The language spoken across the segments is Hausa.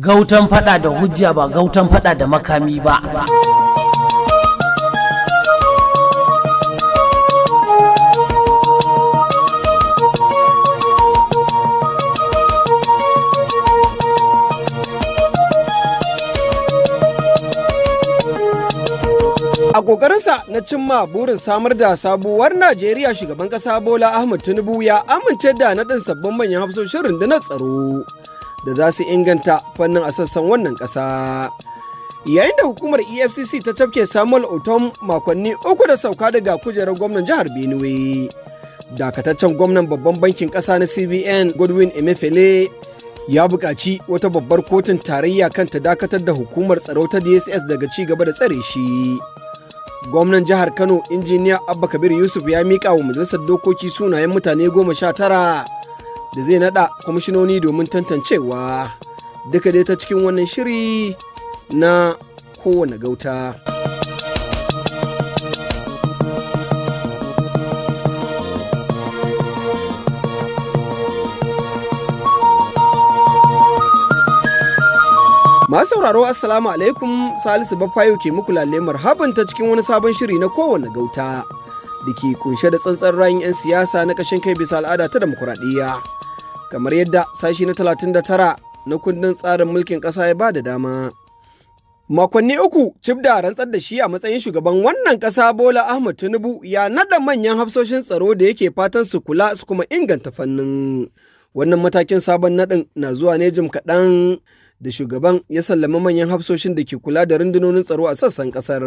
gautan fada da hujja ba gautan fada da makami ba A ƙoƙarinsa na cimma burin samar da sabuwar Najeriya shugaban ƙasa Bola Ahmad Tinubu ya amince da naɗin sabbin manyan hafsoshin rundunar tsaro. da za su inganta fannin a sassan wannan ƙasa. Yayin da hukumar EFCC ta cafke Samuel Otom makonni uku da sauka daga kujerar gwamnan jihar Benue. Dakataccen gwamnan babban bankin ƙasa na CBN Godwin Emefele ya buƙaci wata babbar kotun tarayya kan ta dakatar da hukumar tsaro ta DSS daga ci gaba da tsare shi. gwamnan jihar kano injiniya abba kabir yusuf ya miƙa wa majalisar dokoki sunayen mutane goma sha tara da zai nada kwamishinoni domin tantancewa duka dai ta cikin wannan shiri na kowane gauta. Masu sauraro Assalamu alaikum Salisu Bafayo ke muku lalle marhaban ta cikin wani sabon shiri na kowane gauta da ke kunshe da tsantsan rayin 'yan siyasa na kashin kai bisa al'ada ta demokuraɗiyya. kamar yadda sashi na 39 na kundin tsarin mulkin ƙasa ya ba da dama. Makonni uku cif da rantsar da shi a matsayin shugaban wannan ƙasa Bola Ahmad Tinubu ya naɗa manyan hafsoshin tsaro da yake fatan su kula su kuma inganta fannin. Wannan matakin sabon naɗin na zuwa ne jim kaɗan da shugaban ya sallama manyan hafsoshin da ke kula da rundunonin tsaro a sassan ƙasar.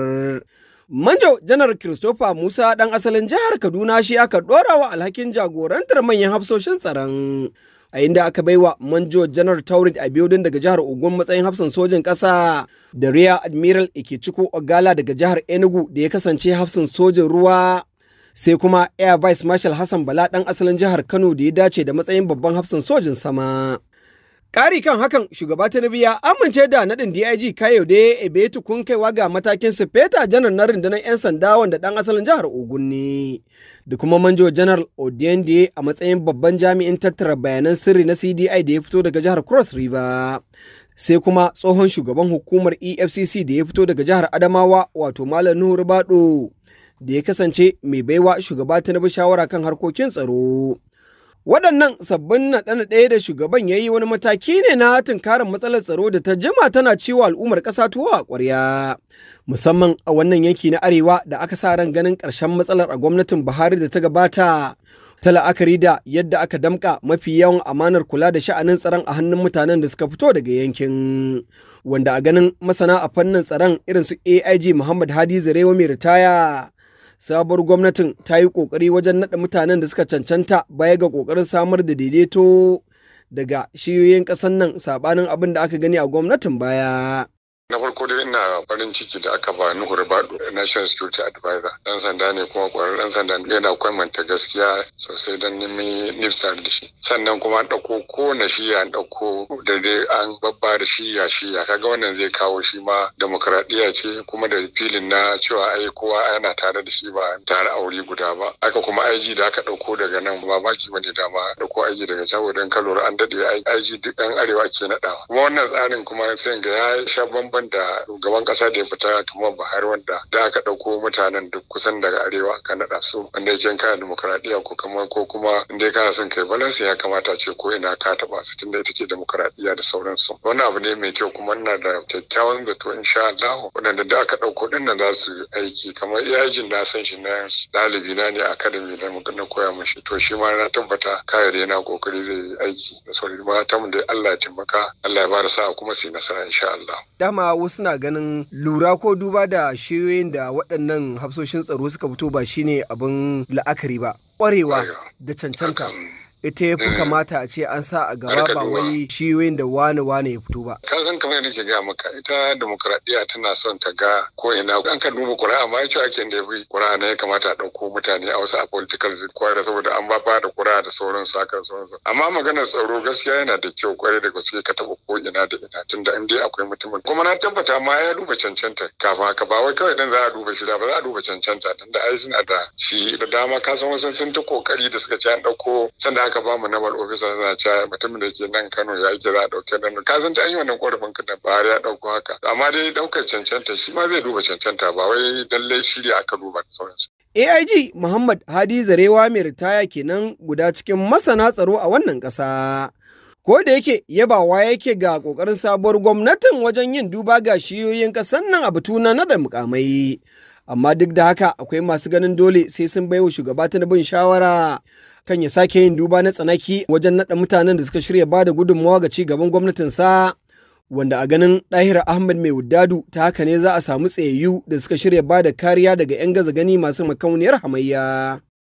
Manjo Janar Christopher Musa ɗan asalin jihar Kaduna shi aka ɗora wa alhakin jagorantar manyan hafsoshin tsaron. a inda aka baiwa manjo janar taurid a biyodin daga jihar ogun matsayin hafsan sojin ƙasa da rear admiral ikechukwu ogala daga jihar enugu da ya kasance hafsan sojin ruwa sai kuma air vice marshal hassan bala ɗan asalin jihar kano da ya dace da matsayin babban hafsan sojin sama Ƙari kan hakan shugaba Tinubu ya amince da naɗin DIG Kayode Ebetu kun kaiwa ga matakin sifeta janar na rundunar 'yan sanda wanda ɗan asalin jihar Ogun ne. Da kuma manjo janar Odiende a matsayin babban jami'in tattara bayanan sirri na CDI da ya fito daga jihar Cross River. Sai kuma tsohon shugaban hukumar EFCC da ya fito daga jihar Adamawa wato Malam Nuhu Rubado. da ya kasance mai baiwa shugaba Tinubu shawara kan harkokin tsaro. Waɗannan sabbin naɗana ɗaya da shugaban ya yi wani mataki ne na tunkarar matsalar tsaro da ta jima tana ciwo al'ummar ƙasa tuwo a ƙwarya. Musamman a wannan yanki na Arewa da aka sa ran ganin ƙarshen matsalar a gwamnatin Buhari da ta gabata. ta la'akari da yadda aka damƙa mafi yawan amanar kula da sha'anin tsaron a hannun mutanen da suka fito daga yankin wanda a ganin masana a fannin tsaron irin su aig muhammad hadi zarewa mai ritaya sabuwar gwamnatin ta yi ƙoƙari wajen naɗa mutanen da suka cancanta baya ga ƙoƙarin samar da daidaito daga shiyoyin ƙasar nan saɓanin abin da aka gani a gwamnatin baya. na farko dai ina farin ciki da aka ba Nuhu Ribadu National Security Advisor dan sanda ne kuma ƙwararren dan sanda yana kwamanta gaskiya sosai dan nemi nifsar da shi sannan kuma an ɗauko kowane shiya an ɗauko da dai an babba da shiya shiya kaga wannan zai kawo shi ma demokradiyya ce kuma da filin na cewa ai kowa yana tare da shi ba tare a wuri guda ba aka kuma IG da aka ɗauko daga nan ba ki bane dama ɗauko IG daga Cabo don Kaloro an daɗe IG duk ɗan arewa ke naɗawa kuma wannan tsarin kuma sai ga ya sha bamban wanda shugaban kasa da ya fita kamar Buhari wanda da aka ɗauko mutanen duk kusan daga arewa ka naɗa su wanda yake kana demokaradiyya ko kuma ko kuma inda kana son kai balance ya kamata ce ko ina ka taɓa su tunda ita ce demokaradiyya da sauransu wannan abu ne mai kyau kuma ina da kyakkyawan zato insha Allah waɗanda da aka ɗauko ɗin nan za su yi aiki kamar yajin na san shi na ɗalibi na ne a academy na na koya shi to shi ma na tabbata kare da yana kokari zai yi aiki da sauri ma ta mu da Allah ya taimaka Allah ya ba da sa'a kuma su yi nasara insha Allah dama wasu na ganin lura ko duba da shiyoyin da waɗannan hafsoshin tsaro suka fito ba shine abin la'akari ba ƙwarewa da cancanta ita ya fi mm. kamata a ce an sa a gaba ba wai shi da wani wani ya fito ba. Ka san kamar yadda ke gaya maka ita demokradiyya tana son ta ga ko ina an ka duba ƙuri'a ma yace ake da yafi ƙuri'a ne ya kamata a ɗauko mutane a wasu a political da saboda an ba da ƙuri'a da su haka sauran sauransu. Amma maganar tsaro gaskiya yana da kyau kwarai da gaske ka taɓa ko ina da ina tunda in dai akwai mutumin. Kuma na tabbata ma ya duba cancanta kafin haka ba wai kawai dan za a duba shi da ba za a duba cancanta tunda ai suna da shi da dama ka san wasu sun ta kokari da suka ci an ɗauko sanda aka ba mu nabal ofisa suna caya mutumin da ke nan Kano ya ke za a ɗauke nan ka san ta an yi wannan korafin kadan ba har ya ɗauko haka amma dai ɗaukar cancanta shi ma zai duba cancanta ba wai lallai shirya aka duba da sauransu. AIG Muhammad Hadi Zarewa mai ritaya kenan guda cikin masana tsaro a wannan ƙasa. Ko da yake yabawa yake ga ƙoƙarin sabuwar gwamnatin wajen yin duba ga shiyoyin ƙasar nan a batuna na da mukamai. Amma duk da haka akwai masu ganin dole sai sun baiwa shugaba ta bin shawara kan ya sake yin duba na tsanaki wajen naɗa mutanen da suka shirya ba da gudunmawa ga ci gaban gwamnatinsa wanda a ganin ɗahira ahmed mai wuddadu ta haka ne za a samu tsayayyu da suka shirya ba da kariya daga 'yan gaza gani masu makauniyar hamayya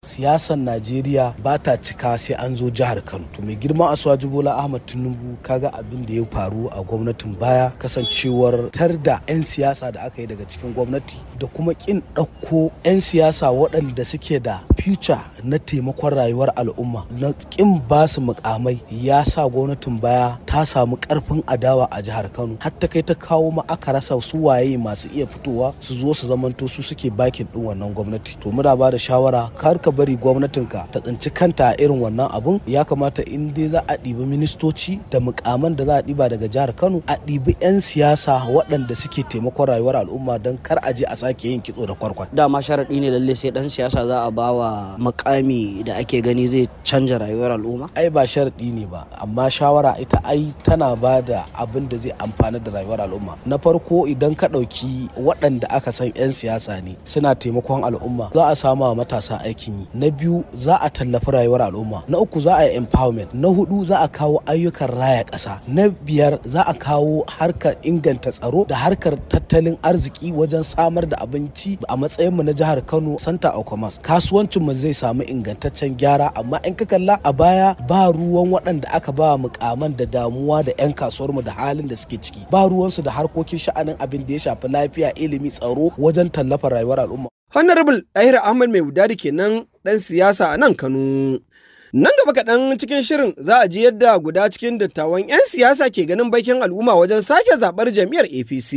siyasar najeriya ba ta cika sai an zo jihar kano to mai girma asuwaji bola ahmad tinubu kaga abin da ya faru a gwamnatin baya kasancewar tar da 'yan siyasa da aka yi daga cikin gwamnati da kuma kin ɗauko 'yan siyasa waɗanda suke da future na taimakon rayuwar al'umma na kin ba su mukamai ya sa gwamnatin baya ta samu karfin adawa a jihar kano har ta kai ta kawo ma aka rasa su waye masu iya fitowa su zo su zamanto su suke bakin ɗin wannan gwamnati to muna ba da shawara kar ka bari gwamnatinka ta tsinci kanta a irin wannan abun ya kamata in dai za a ɗibi ministoci da mukaman da za a ɗiba daga jihar kano a ɗibi 'yan siyasa waɗanda suke taimakon rayuwar al'umma don kar a je a sake yin kitso da kwarkwar dama sharaɗi ne lalle sai ɗan siyasa za a bawa mukami da ake gani zai canja rayuwar al'umma ai ba sharaɗi ne ba amma shawara ita ai tana ba da abin da zai amfana da rayuwar al'umma na farko idan ka ɗauki waɗanda aka san 'yan siyasa ne suna taimakon al'umma za a samu matasa aikin na biyu za a tallafi rayuwar al'umma na uku za a yi empowerment na hudu za a kawo ayyukan raya ƙasa na biyar za a kawo harkar inganta tsaro da harkar tattalin arziki wajen samar da abinci a matsayinmu na jihar kano santa of commerce kasuwancinmu zai samu ingantaccen gyara amma in ka kalla a baya ba ruwan waɗanda aka ba mukaman da damuwa da 'yan kasuwarmu da halin da suke ciki ba ruwansu da harkokin sha'anin abin da ya shafi lafiya ilimi tsaro wajen tallafa rayuwar al'umma Honorable Ɗahir Ahmad Mai Budari kenan ɗan siyasa a nan Kano. Nan gaba kaɗan cikin shirin za a ji yadda guda cikin dattawan 'yan siyasa ke ganin bakin al'umma wajen sake zaɓar jam'iyyar APC.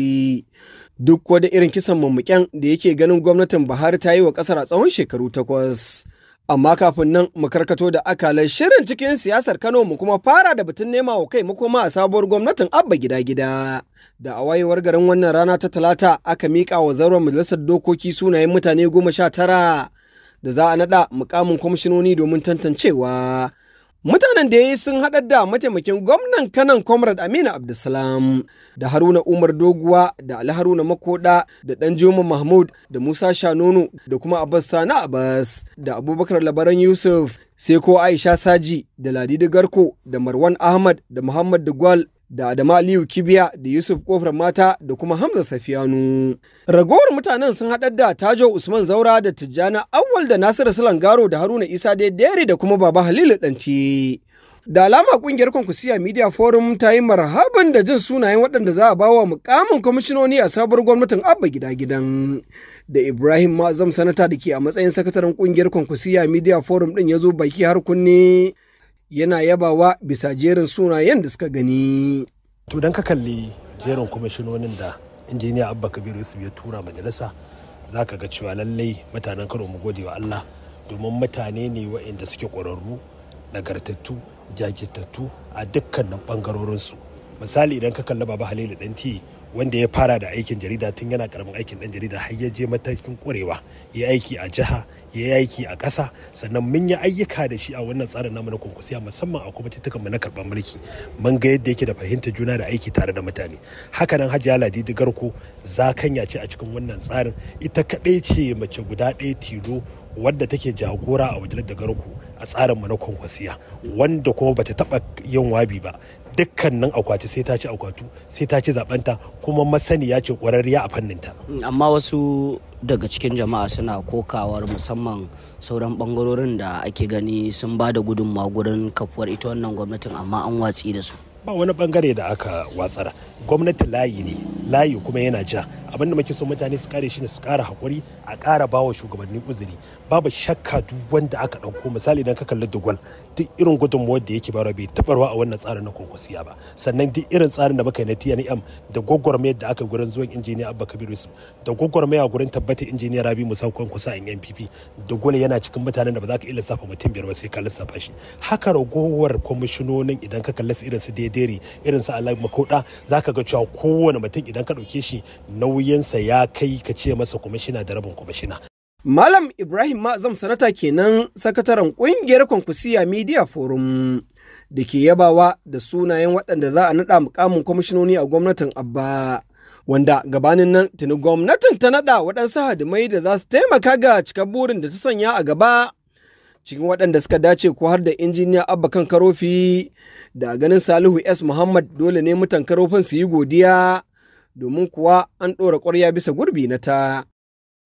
Duk wada irin kisan mummuken da yake ganin gwamnatin Buhari ta yi wa ƙasar a tsawon shekaru takwas. Amma kafin nan mu karkato da akalan shirin cikin siyasar Kano mu kuma fara da batun nema wa kai makoma a sabuwar gwamnatin Abba gida gida. Da a wayewar garin wannan rana ta talata aka miƙa wa zauren majalisar dokoki sunayen mutane goma sha tara da za a naɗa mukamin kwamishinoni domin tantancewa. Mutanen da ya yi sun haɗa da mataimakin gwamnan kanan Comrade Aminu Abdulsalam da Haruna Umar Doguwa da Ali Haruna Makoda da Juma Mahmud da Musa Shanono da kuma Abbas Sani Abbas da Abubakar Labaran Yusuf sai ko Aisha Saji da Ladidi Garko da Marwan Ahmad da Muhammad Dugwal da Adamu Aliyu Kibiya da Yusuf Kofar Mata da kuma Hamza Safiyanu. Ragowar mutanen sun haɗar da Tajo Usman Zaura da Tijjana Awwal da Nasiru salangaro da Haruna Isa da Dere da kuma Baba Halilu ɗanci Da alama kungiyar Kwankwasiya Media Forum ta yi marhaban da jin sunayen waɗanda za a ba wa mukamin kwamishinoni a sabuwar gwamnatin Abba Gida Gidan. Da Ibrahim Ma'azam Sanata da ke a matsayin sakataren kungiyar Kwankwasiya Media Forum ɗin ya zo baki har kunne. yana yabawa bisa jerin sunayen da suka gani. To don ka kalli jerin kwamishinonin da injiniya Abba Kabiru Yusuf ya tura majalisa za ka ga cewa lallai mutanen Kano mu gode wa Allah domin mutane ne waɗanda suke ƙwararru nagartattu jajirtattu a dukkanin ɓangarorinsu. Misali idan ka kalli Baba Halilu Danti wanda ya fara da aikin jarida tun yana karamin aikin dan jarida har ya je matakin kwarewa ya aiki a jiha ya aiki a ƙasa sannan mun yi ayyuka da shi a wannan tsarin namu na kunkusiya musamman a kuma mu na karɓar mulki mun ga yadda yake da fahimtar juna da aiki tare da mutane hakanan hajiya ladidi garko zakanya ce a cikin wannan tsarin ita kaɗai ce mace guda ɗaya tilo wadda take jagora a wajen da garku a tsarin mu na kwankwasiya wanda kuma bata taɓa yin wabi ba dukkanin akwati sai ta ci akwatu sai ta ci zabanta kuma masaniya ce kwararriya a fannin ta. amma wasu daga cikin jama'a suna kokawar musamman sauran bangarorin da ake gani sun ba da gudunmawa gurin kafuwar ita wannan gwamnatin amma an watsi da su ba wani bangare da aka watsar gwamnati layi ne layi kuma yana ja abinda muke so mutane su kare shi ne su kara hakuri a kara bawa shugabanni uzuri babu shakka duk wanda aka dauko misali idan ka kalli dugwal duk irin gudunmuwar da yake bara bai tabarwa a wannan tsarin na kwankwasiya ba sannan duk irin tsarin da muka yi na TNM da gwagwarmayar da aka gurin zuwan injiniya Abba Kabiru su da gwagwarmaya gurin tabbatar injiniya Rabi Musa kwankwasa in NPP dugwal yana cikin mutanen da ba za ka iya lissafa mutum biyar ba sai ka lissafa shi haka ragowar kwamishinonin idan ka kalli su irin su ederi irin su alai makoda zaka ga cewa kowane mutum idan ka ɗauke shi nauyinsa ya kai ka ce masa kwamishina da rabin kwamishina Malam Ibrahim Ma'azam sanata kenan sakataren kungiyar Kwankwasiya Media Forum da ke yabawa da sunayen waɗanda za a naɗa mukamin kwamishinoni a gwamnatin Abba. Wanda gabanin nan tuni gwamnatin ta naɗa waɗansu hadimai da za su taimaka ga cikar burin da ta sanya a gaba cikin waɗanda suka dace ko har da injiniya abba kan karofi da ganin salihu s muhammad dole ne mutan karofin su yi godiya domin kuwa an ɗora ƙwarya bisa gurbi na ta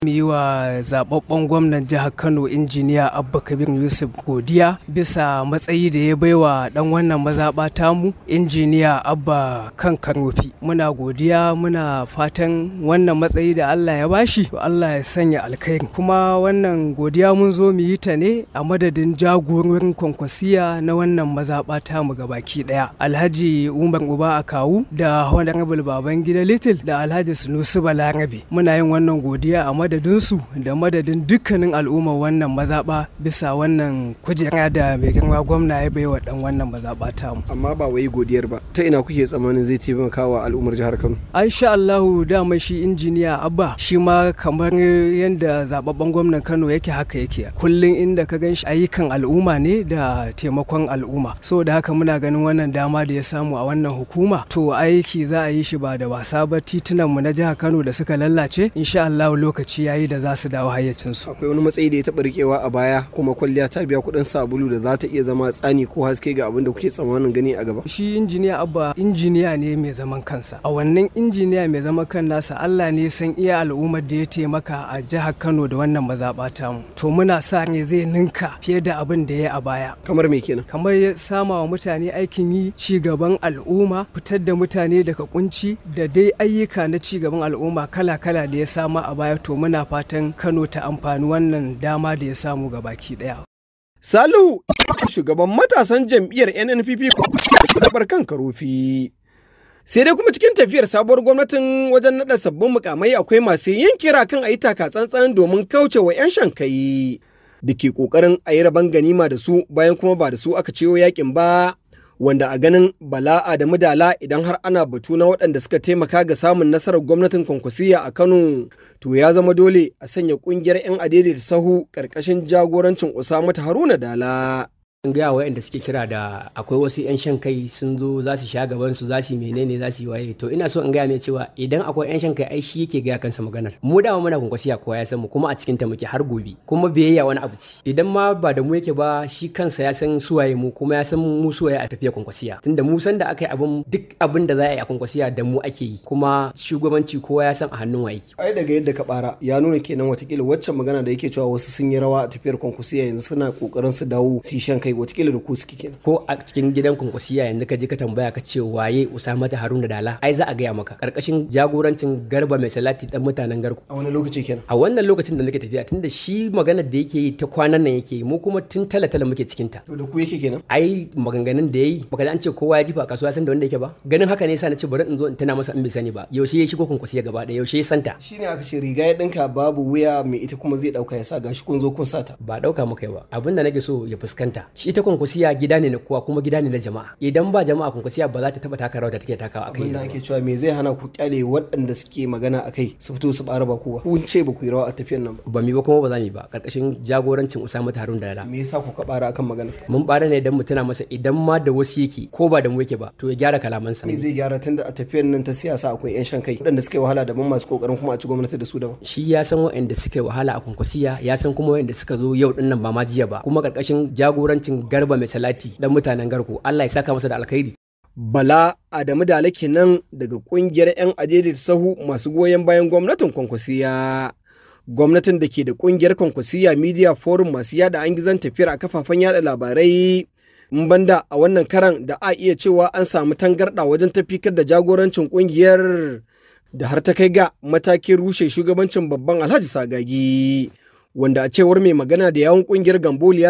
mu yi wa zababben gwamnan jihar kano injiniya abba kabir yusuf godiya bisa matsayi da ya baiwa dan wannan mazaɓa tamu injiniya abba kan karofi muna godiya muna fatan wannan matsayi da allah ya bashi to allah ya sanya alkhairi kuma wannan godiya mun zo mu yi ta ne a madadin jagororin kwankwasiya na wannan mazaɓa tamu baki ɗaya alhaji umar uba akawu da honorable gida little da alhaji sunusi balarabe muna yin wannan godiya a madadinsu da madadin dukkanin al'ummar wannan mazaɓa bisa wannan kujera da mai girma gwamna ya baiwa dan wannan mazaɓa mu Amma ba wai godiyar ba ta ina kuke tsammanin zai taimaka wa al'ummar jihar Kano. sha Allahu dama shi injiniya Abba shi ma kamar yadda zababben gwamnan Kano yake haka yake kullum inda ka gan shi ayyukan al'umma ne da taimakon al'umma so da haka muna ganin wannan dama da ya samu a wannan hukuma to aiki za a yi shi ba da wasa ba titunan mu na jihar Kano da suka lallace insha allahu lokaci yayi da za su dawo hayyacinsu akwai wani matsayi da ya taɓa riƙewa a baya kuma kwalliya ta biya kuɗin sabulu da za ta iya zama tsani ko haske ga abin da kuke tsammanin gani a gaba shi injiniya abba injiniya ne mai zaman kansa a wannan injiniya mai zaman kan nasa Allah ne san iya al'ummar da ya taimaka a jihar Kano da wannan bata mu to muna sa ne zai ninka fiye da abin da ya a baya kamar me kenan kamar ya sama wa mutane aikin yi ci gaban al'umma fitar da mutane daga kunci da dai ayyuka na ci gaban al'umma kala-kala da ya sama a baya to muna fatan Kano ta amfani wannan dama da ya samu ga baki ɗaya. Salihu shugaban matasan jam'iyyar NNPP zabar kan karofi. Sai dai kuma cikin tafiyar sabuwar gwamnatin wajen naɗa sabbin mukamai akwai masu yin kira kan a yi taka tsantsan domin kauce wa 'yan shankayi. Da ke kokarin a yi rabon ganima da su bayan kuma ba da su aka ciwo yakin ba wanda a ganin Bala Adamu Dala idan har ana batu na waɗanda suka taimaka ga samun nasarar gwamnatin Kwankwasiya a Kano to ya zama dole a sanya ƙungiyar 'yan adaidaita sahu ƙarƙashin jagorancin Usama Haruna Dala. in gaya wa suke kira da akwai wasu 'yan shan kai sun zo za su sha gaban su za su menene za su waye to ina so in gaya mai cewa idan akwai 'yan shan kai ai shi yake gaya kansa maganar mu dama muna kwankwasiya kowa ya san mu kuma a cikin ta muke har gobe kuma biyayya wani abu ci idan ma ba da mu yake ba shi kansa ya san suwaye mu kuma ya san mu suwaye a tafiya kwankwasiya tunda mu san da aka yi abin duk abin da za a yi a kwankwasiya da mu ake yi kuma shugabanci kowa ya san a hannun waye ai daga yadda ka bara ya nuna kenan watakila waccan magana da yake cewa wasu sun yi rawa a tafiyar kwankwasiya yanzu suna kokarin su dawo su shan kai kai eh, watakila da ku suke kenan ko a cikin gidan kunkusiya yanzu ka je ka tambaya ka ce waye usama ta haruna dala ai za a gaya maka karkashin jagorancin garba mai salati dan mutanen garku a wani lokaci kenan a wannan lokacin da nake tafiya tunda shi magana da yake yi ta kwanan nan yake yi mu kuma tun tala tala muke cikin ta to da ku yake kenan ai maganganun da yayi baka an ce kowa ya jifa a kasuwa san da wanda yake ba ganin haka ne yasa na ce bari in zo in tana masa in bai sani ba yaushe ya shigo kunkusiya gaba da yaushe ya santa shine aka ce riga ya dinka babu wuya mai ita kuma zai dauka ya sa gashi kun zo kun sata ba dauka muka yi ba abinda nake so ya fuskanta shi ita kwankwasiya gida ne na kowa kuma gida ne na jama'a idan ba jama'a kwankwasiya ba za ta taba taka rawar da take takawa akai abinda ake cewa me zai hana ku kyale waɗanda suke magana akai su fito su bara ba kowa kun ce ba ku yi rawa a tafiyar nan ba mi ba kuma ba za mu yi ba karkashin jagorancin Usama Harun da Lala me yasa kuka bara akan magana mun bara ne idan mutuna masa idan ma da wasu yake ko ba da mu yake ba to ya gyara kalamansa me zai gyara tunda a tafiyar nan ta siyasa akwai yan shan kai waɗanda suke wahala da mun masu kokarin kuma a ci gwamnati da su da shi ya san waɗanda suke wahala a kwankwasiya ya san kuma waɗanda suka zo yau dinnan ba ma jiya ba kuma karkashin jagorancin garba mai salati dan mutanen garko Allah ya saka masa da alkhairi Bala Adamu da alake nan daga kungiyar 'yan ajedir sahu masu goyon bayan gwamnatin kwankwasiya. Gwamnatin da ke da kungiyar kwankwasiya Media Forum masu yada an gizan tafiyar a kafafen yada labarai banda a wannan karan da a iya cewa an samu tangarɗa wajen tafikar da jagorancin kungiyar da har ta kai ga matakin rushe shugabancin babban alhaji sagagi wanda a cewar mai magana da yawon kungiyar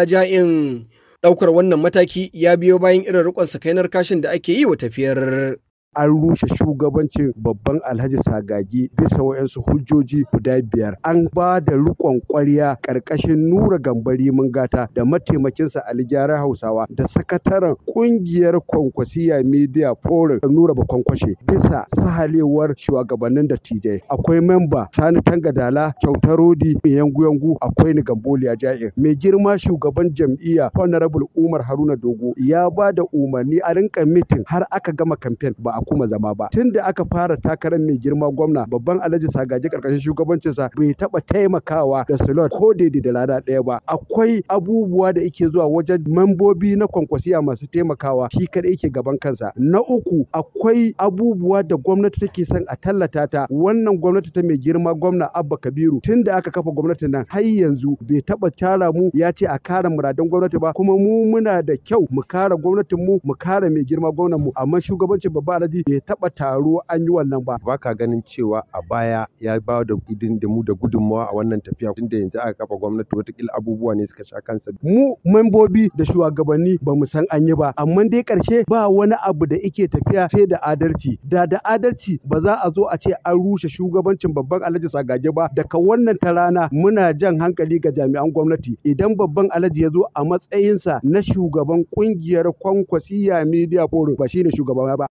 ja in. Daukar wannan mataki ya biyo bayan irin rikon sakainar kashin da ake yi wa tafiyar. An rushe shugabancin Babban Alhaji Sagagi bisa waɗansu hujjoji guda biyar. An ba da rikon ƙwarya ƙarƙashin Nura Gambari gata da mataimakinsa Ali Gyara Hausawa da sakataren ƙungiyar Kwankwasiya Media Forum Nura kwankwashe, bisa sahalewar shugabannin dattijai. Akwai memba Sani Tangadala, Kyautarodi, mai yangu akwai ni Gamboliya Ja'ir. Mai girma shugaban jam'iyya Honorable Umar Haruna Dogo ya ba da umarni a rinka mitin har aka gama kamfen ba a kuma zama ba tun da aka fara takarar mai girma gwamna babban alhaji sagaje karkashin shugabancinsa bai taba taimakawa da slot ko daidai da lada ɗaya ba akwai abubuwa da yake zuwa wajen mambobi na kwankwasiya masu taimakawa shi kadai yake gaban kansa na uku akwai abubuwa da gwamnati take son a tallata ta wannan gwamnati ta mai girma gwamna abba kabiru tun da aka kafa gwamnatin nan har yanzu bai taba tara mu ya ce a kara muradan gwamnati ba kuma mu muna da kyau mu kara gwamnatin mu mu kare mai girma gwamnan mu amma shugabancin babba alhaji Sadi bai taɓa taro an yi wannan ba. Ba ka ganin cewa a baya ya ba da idindimu da gudunmawa a wannan tafiya tunda yanzu aka kafa gwamnati watakila abubuwa ne suka sha kansa. Mu membobi da shugabanni ba mu san an yi ba amma dai karshe ba wani abu da ike tafiya sai da adalci. Da da adalci ba za a zo a ce an rushe shugabancin babban alhaji sagage ba daga wannan ta rana muna jan hankali ga jami'an gwamnati idan babban alhaji ya zo a matsayinsa na shugaban kungiyar kwankwasiya media forum ba shine shugaba ba.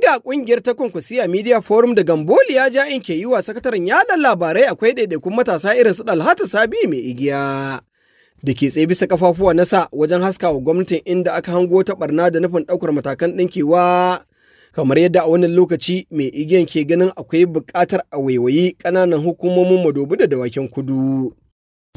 ga kungiyar ta kunkusiya Media Forum da Gamboli ya ja in ke yi wa sakataren yaɗa labarai akwai daidaikun matasa irin su dalhata Sabi mai igiya. Da ke tsaye bisa kafafuwa nasa wajen haska wa gwamnatin inda aka hango ta barna da nufin ɗaukar matakan ɗinkewa. Kamar yadda a wannan lokaci mai igiyan ke ganin akwai buƙatar a waiwayi ƙananan hukumomin madobi da dawakin kudu.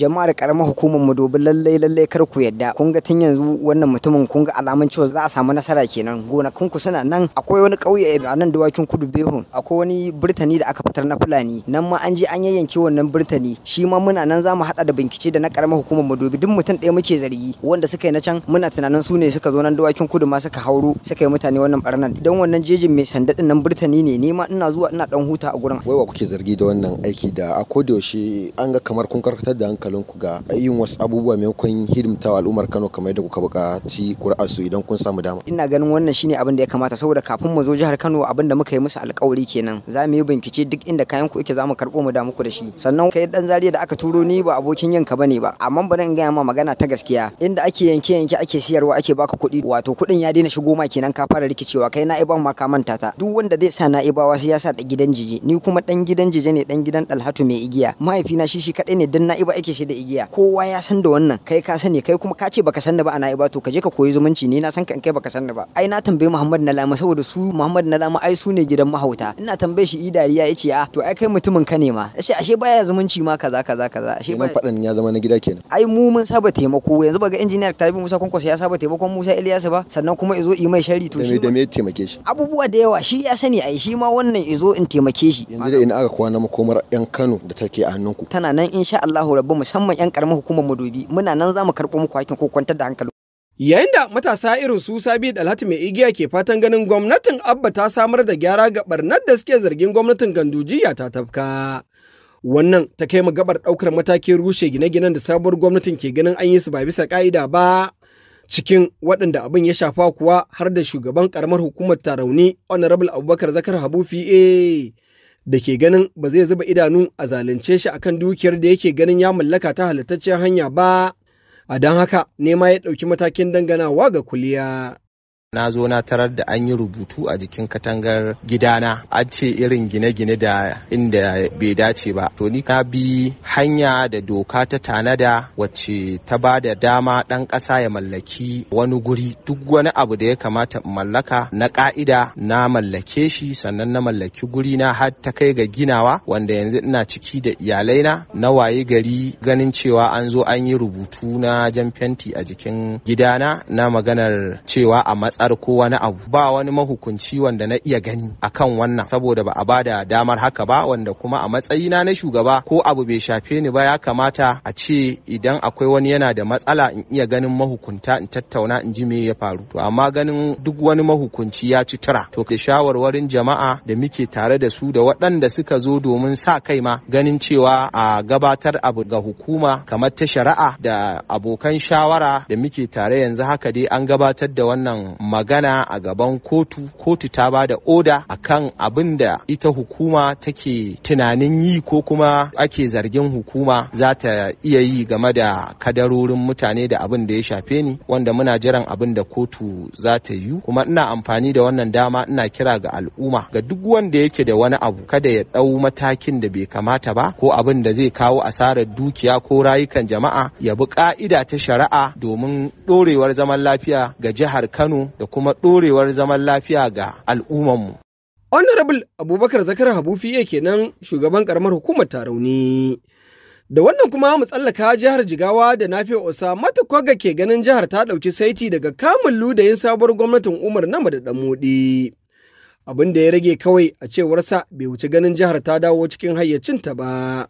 jama'ar karamar hukumar mu dubi lallai lallai kar ku yadda kun ga tun yanzu wannan mutumin kun ga alamun cewa za a samu nasara kenan gonakin ku suna nan akwai wani ƙauye a nan dawakin kudu behun akwai wani birtani da aka fitar na fulani nan ma an je an yayyanke wannan birtani shi ma muna nan za mu haɗa da bincike da na karamar hukumar mu duk mutum ɗaya muke zargi wanda suka yi na can muna tunanin su ne suka zo nan dawakin kudu ma suka hauro suka yi mutane wannan barnan don wannan jejin mai sanda nan birtani ne ni ma ina zuwa ina dan huta a gurin wai wa kuke zargi da wannan aiki da a an ga kamar kun karkatar da ku ga yin wasu abubuwa maimakon hidimtawa al'ummar Kano kamar yadda kuka buƙaci su idan kun samu dama. Ina ganin wannan shine abin da ya kamata saboda kafin mu zo jihar Kano abin da muka yi musu alƙawari kenan. Za mu yi bincike duk inda kayan ku yake za mu karɓo mu da muku da shi. Sannan kai ɗan zariya da aka turo ni ba abokin yanka bane ba amma bari in gaya ma magana ta gaskiya inda ake yanke yanke ake siyarwa ake baka kuɗi wato kuɗin ya daina shigo ma kenan ka fara rikicewa kai na iban ma ka manta ta duk wanda zai sa na ibawa sai ya sa da gidan jije ni kuma ɗan gidan ne dan gidan ɗalhatu mai igiya mahaifina shi shi kaɗai ne dan na iba ake shi da igiya kowa ya san da wannan kai ka sani kai kuma ka ce baka san da ba ana ibato ka je ka koyi zumunci ni na san ka in kai baka san da ba ai na tambaye Muhammad na lama saboda su Muhammad na lama ai su ne gidan mahauta ina tambaye shi idariya yace a ah, to ai kai mutumin ka ne ma ashe ashe baya zumunci ma kaza kaza kaza ashe mai fadan ya zama na gida kenan ai mu mun saba taimako yanzu baga engineer Tarabi Musa Kwankwaso ya saba taimakon Musa Ilyasu ba sannan kuma izo yi mai shari to shi da me taimake shi abubuwa da yawa shi ya sani ai shi ma wannan izo in taimake shi yanzu da ina aka kwana makomar yan Kano da take a hannunku tana nan insha Allah rabbu musamman 'yan karamin hukumar madobi muna nan za mu karɓo muku hakkin ko kwantar da hankali. Yayin da matasa irin su Sabi Dalhatu mai igiya ke fatan ganin gwamnatin Abba ta samar da gyara ga barnar da suke zargin gwamnatin Gandujiya ta tafka. Wannan ta kai gabar ɗaukar matakin rushe gine-ginen da sabuwar gwamnatin ke ganin an yi su ba bisa ƙa'ida ba. Cikin waɗanda abin ya shafa kuwa har da shugaban ƙaramar hukumar Tarauni Honorable Abubakar Zakar Habu PA. da ke ganin ba zai zuba idanu a zalunce shi akan dukiyar da yake ganin ya mallaka ta halittacciyar hanya ba a don haka nema ya ɗauki matakin danganawa ga kuliya. na zo na tarar da an yi rubutu a jikin katangar gidana a ce irin gine-gine da inda bai dace ba to ni na bi hanya da doka ta tanada wacce ta ba da dama ɗan ƙasa ya mallaki wani guri duk wani abu da ya kamata in mallaka na ƙa'ida na mallake shi sannan na mallaki guri na har ta kai ga ginawa wanda yanzu ina ciki da iyalaina na waye gari ganin cewa an zo an yi rubutu na jan fenti a jikin gidana na maganar cewa a matsa tsare ko wani abu ba wani mahukunci wanda na iya gani akan wannan saboda ba a bada damar haka ba wanda kuma a matsayina na shugaba ko abu bai shafe ni ba ya kamata a ce idan akwai wani yana da matsala in iya ganin mahukunta in tattauna in ji me ya faru to amma ganin duk wani mahukunci ya ci tura to ke shawarwarin jama'a da muke tare da su da waɗanda suka zo domin sa kai ma ganin cewa a gabatar abu ga hukuma kamar ta shari'a da abokan shawara da muke tare yanzu haka dai an gabatar da wannan magana a gaban kotu kotu ta ba da oda kan abin da ita hukuma take tunanin yi ko kuma ake zargin hukuma za ta iya yi game da kadarorin mutane da abin da ya shafe ni wanda muna jiran abin da kotu za ta yi kuma ina amfani da wannan dama ina kira ga al'umma ga duk wanda yake da wani abu kada ya ɗau matakin da bai kamata ba ko abin da zai kawo asarar dukiya ko rayukan jama'a ya bi ka'ida ta shari'a domin ɗorewar zaman lafiya ga jihar Kano da kuma ɗorewar zaman lafiya ga al'ummanmu. Honorable Abubakar Zakar Habufiye kenan shugaban karamar hukumar Tarauni. Da wannan kuma mu tsallaka jihar Jigawa da Nafi Osa ga ke ganin jihar ta ɗauki saiti daga kamun ludayin sabuwar gwamnatin Umar Nama da Ɗanmuɗi. Abin da ya rage kawai a cewarsa bai wuce ganin jihar ta dawo cikin hayyacinta ba.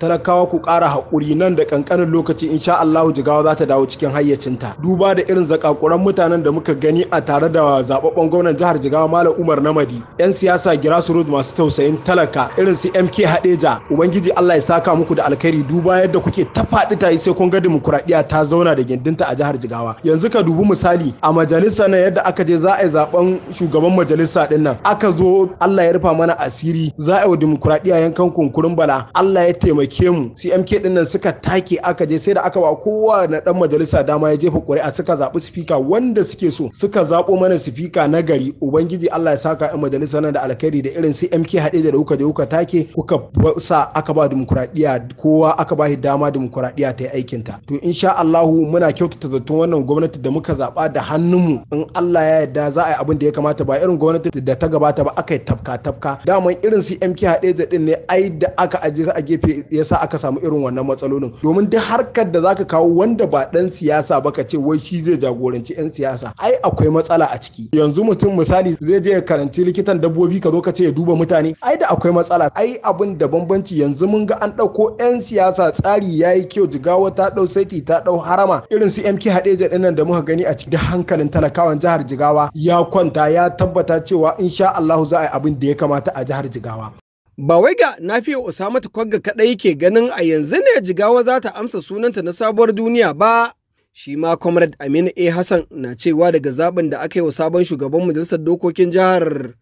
talakawa ku ƙara haƙuri nan da ƙanƙanin lokaci insha Allahu jigawa za ta dawo cikin hayyacinta duba da irin zakakuran mutanen da muka gani a tare da zababban gwamnan jihar jigawa malam umar namadi yan siyasa grassroots masu tausayin talaka irin su mk hadeja ubangiji Allah ya saka muku da alkhairi duba yadda kuke ta faɗi ta yi sai kun ga dimokuraɗiyya ta zauna da gindinta a jihar jigawa yanzu ka dubi misali a majalisa na yadda aka je za a yi zaben shugaban majalisa din nan aka zo Allah ya rufa mana asiri za a yi wa dimokuraɗiyya yankan kunkurin bala Allah ya taimaki taimake mu CMK din nan suka take aka je sai da aka ba kowa na dan majalisa dama ya jefa ƙuri'a suka zaɓi sifika wanda suke so suka zaɓo mana sifika na gari ubangiji Allah ya saka yan majalisa nan da alkhairi da irin CMK hadeja da kuka je kuka take kuka sa aka ba dimokuraɗiyya kowa aka ba shi dama dimokuraɗiyya ta yi aikinta to insha Allahu muna kyautata zaton wannan gwamnati da muka zaɓa da hannun mu in Allah ya yarda za a yi abin da ya kamata ba irin gwamnati da ta gabata ba aka yi tafka tafka daman irin CMK haɗeja da ɗin ne ai da aka aje a gefe yasa aka samu irin wannan matsalolin domin duk harkar da zaka kawo wanda ba dan siyasa ba ka ce wai shi zai jagoranci yan siyasa ai akwai matsala a ciki yanzu mutum misali zai je ya karanci likitan dabbobi ka zo ka ce ya duba mutane ai da akwai matsala ai abin da bambanci yanzu mun ga an dauko yan siyasa tsari yayi kyau jigawa ta dau saiti ta dau harama irin su MK Hadeja nan da muka gani a cikin hankalin talakawan jihar Jigawa ya kwanta ya tabbata cewa insha Allahu za a yi abin da ya kamata a jihar Jigawa Ba wai ga Nafi'u Usamatu Kwagga kaɗai ke ganin a yanzu ne jigawa za ta amsa sunanta na sabuwar duniya ba. Shi ma Comrade Aminu A. Hassan na cewa daga zaɓin da aka yi wa sabon shugaban majalisar dokokin jihar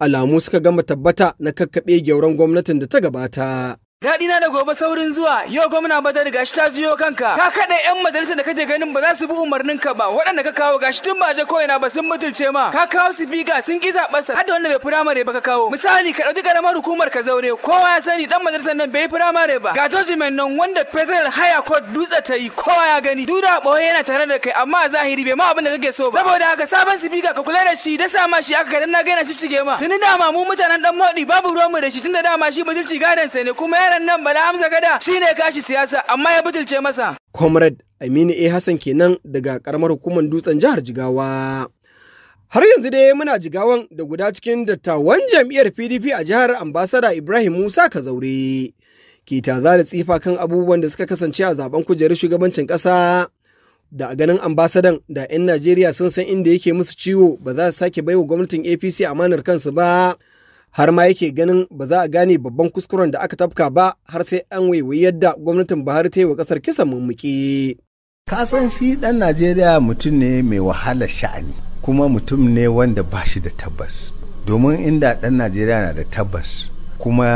alamu suka gama tabbata na kakkaɓe gyauran gwamnatin da ta gabata. Daɗi na da gobe saurin zuwa, yau gwamna bata da gashi ta juyo kanka. Ka kaɗa 'yan majalisar da kaje ganin ba za su bi umarnin ka ba, waɗanda ka kawo gashi tun ba je ina ba sun mutulce ma. Ka kawo su biga sun ƙi zaɓarsa, har da wanda bai firamare ba ka kawo. Misali, ka ɗauki ƙaramar hukumar ka zaure, kowa ya sani ɗan majalisar nan bai firamare ba. Ga judgment nan wanda federal higher court dutse ta yi, kowa ya gani. Duda ɓoye yana tare da kai, amma a zahiri bai ma abin da kake so ba. Saboda haka sabon biga ka kula da shi, da sa ma shi aka kaɗan na gaina shi shige ma. Tuni dama mu mutanen ɗan maɗi babu ruwanmu da shi, tunda dama shi mutulci gadon sa ne kuma yaran nan bala hamza gada shine kashi siyasa amma ya butulce masa comrade aminu a hassan kenan daga karamar hukumar dutsen jihar jigawa Har yanzu dai muna jigawan da guda cikin dattawan jam'iyyar PDP a jihar ambasada Ibrahim Musa Kazaure. Ke taza da tsifa kan abubuwan da suka kasance a zaben kujerar shugabancin ƙasa. Da a ganin ambasadan da 'yan Najeriya sun san inda yake musu ciwo ba za su sake baiwa gwamnatin APC amanar kansu ba. har ma yake ganin ba za a gane babban kuskuren da aka tafka ba har sai an waiwayi yadda gwamnatin buhari ta yi wa kasar kisan mummuki ka san shi ɗan najeriya mutum ne mai wahalar sha'ani kuma mutum ne wanda ba shi da tabbas domin inda ɗan najeriya na da tabbas kuma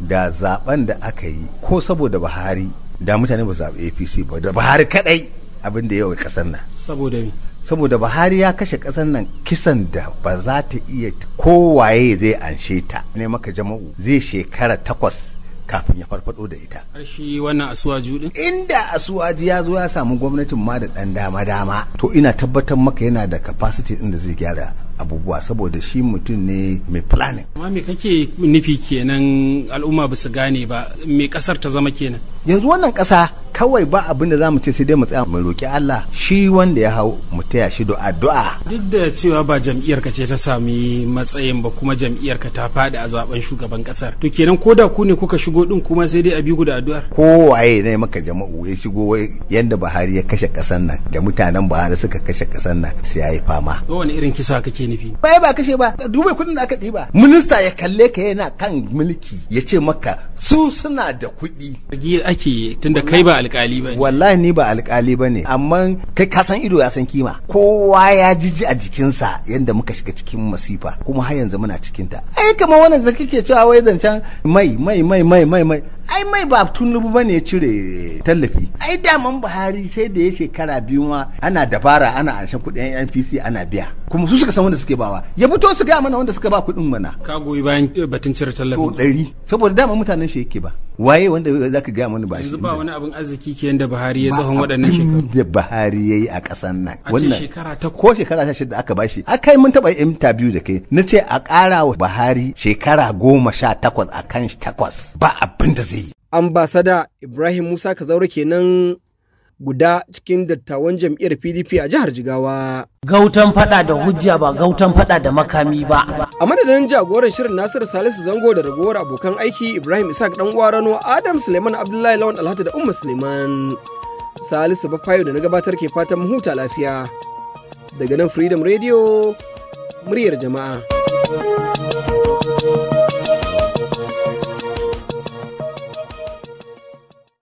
da zaben da aka yi ko saboda buhari da mutane ba zaɓi apc ba da buhari kaɗai abin da yau kasar nan saboda saboda buhari ya kashe ƙasar nan kisan da ba za ta iya kowaye zai anshe ta ne maka jama'u zai shekara takwas kafin ya farfado da ita. karshe wannan asuwaju din? Inda asuwaji ya zo ya samu gwamnatin ma da ɗan dama-dama to ina tabbatar maka yana da capacity ɗin da zai gyara abubuwa saboda shi mutum ne mai planning amma me kake nufi kenan al'umma ba su gane ba me kasar ta zama kenan yanzu wannan kasa kawai ba abin da mu ce sai dai mu tsaya mu roki Allah shi wanda ya hau mu taya shi do addu'a duk da cewa ba jam'iyyar ka ce ta sami matsayin ba kuma jam'iyyar ka ta fadi a zaben shugaban kasar to kenan ko da ku ne kuka shigo din kuma sai dai a bi ku da addu'ar kowaye ne maka jama'u ya shigo wai yanda Buhari ya kashe kasar nan da mutanen Buhari suka kashe kasar nan sai yayi fama wani irin kisa kake nufi bai ba kashe ba dubai kudin da aka ɗiba minista ya kalle ka yana kan mulki ya ce maka su suna da kuɗi rigi ake tunda kai ba alkali ba wallahi ni ba alkali ba ne amma kai kasan ido ya san kima kowa ya jiji a jikinsa yadda muka shiga cikin masifa kuma har yanzu muna cikinta. ta ai kamar wannan da kake cewa wai zancen mai mai mai mai mai mai ai mai ba tunubu ba ne cire tallafi ai daman buhari sai da ya shekara biyu ma ana dabara ana anshan kuɗin npc ana biya kuma su suka san wanda suke bawa ya fito su gaya mana wanda suka ba kuɗin mana ka goyi bayan batun cire tallafi ko ɗari saboda dama mutanen shi yake ba waye wanda za ka gaya mana ba shi yanzu ba wani abin arziki ke yanda Buhari ya zahon waɗannan shekaru da Buhari yi a ƙasar nan a ce shekara ta ko shekara ta shida aka bashi kai mun taɓa interview da kai na ce a ƙara wa Buhari shekara goma sha takwas a kan takwas ba abin da zai yi ambasada Ibrahim Musa ka zaure kenan guda cikin dattawan jam'iyyar PDP a jihar Jigawa. Gautan fada da hujja ba gautan fada da makami ba. A madadin jagoran shirin Nasiru Salisu Zango da ragowar abokan aiki Ibrahim Isaac dan Rano Adam Suleiman Abdullahi Lawan Alhata da Umma Suleiman. Salisu Bafayo da na gabatar ke fatan huta lafiya. Daga nan Freedom Radio muryar jama'a.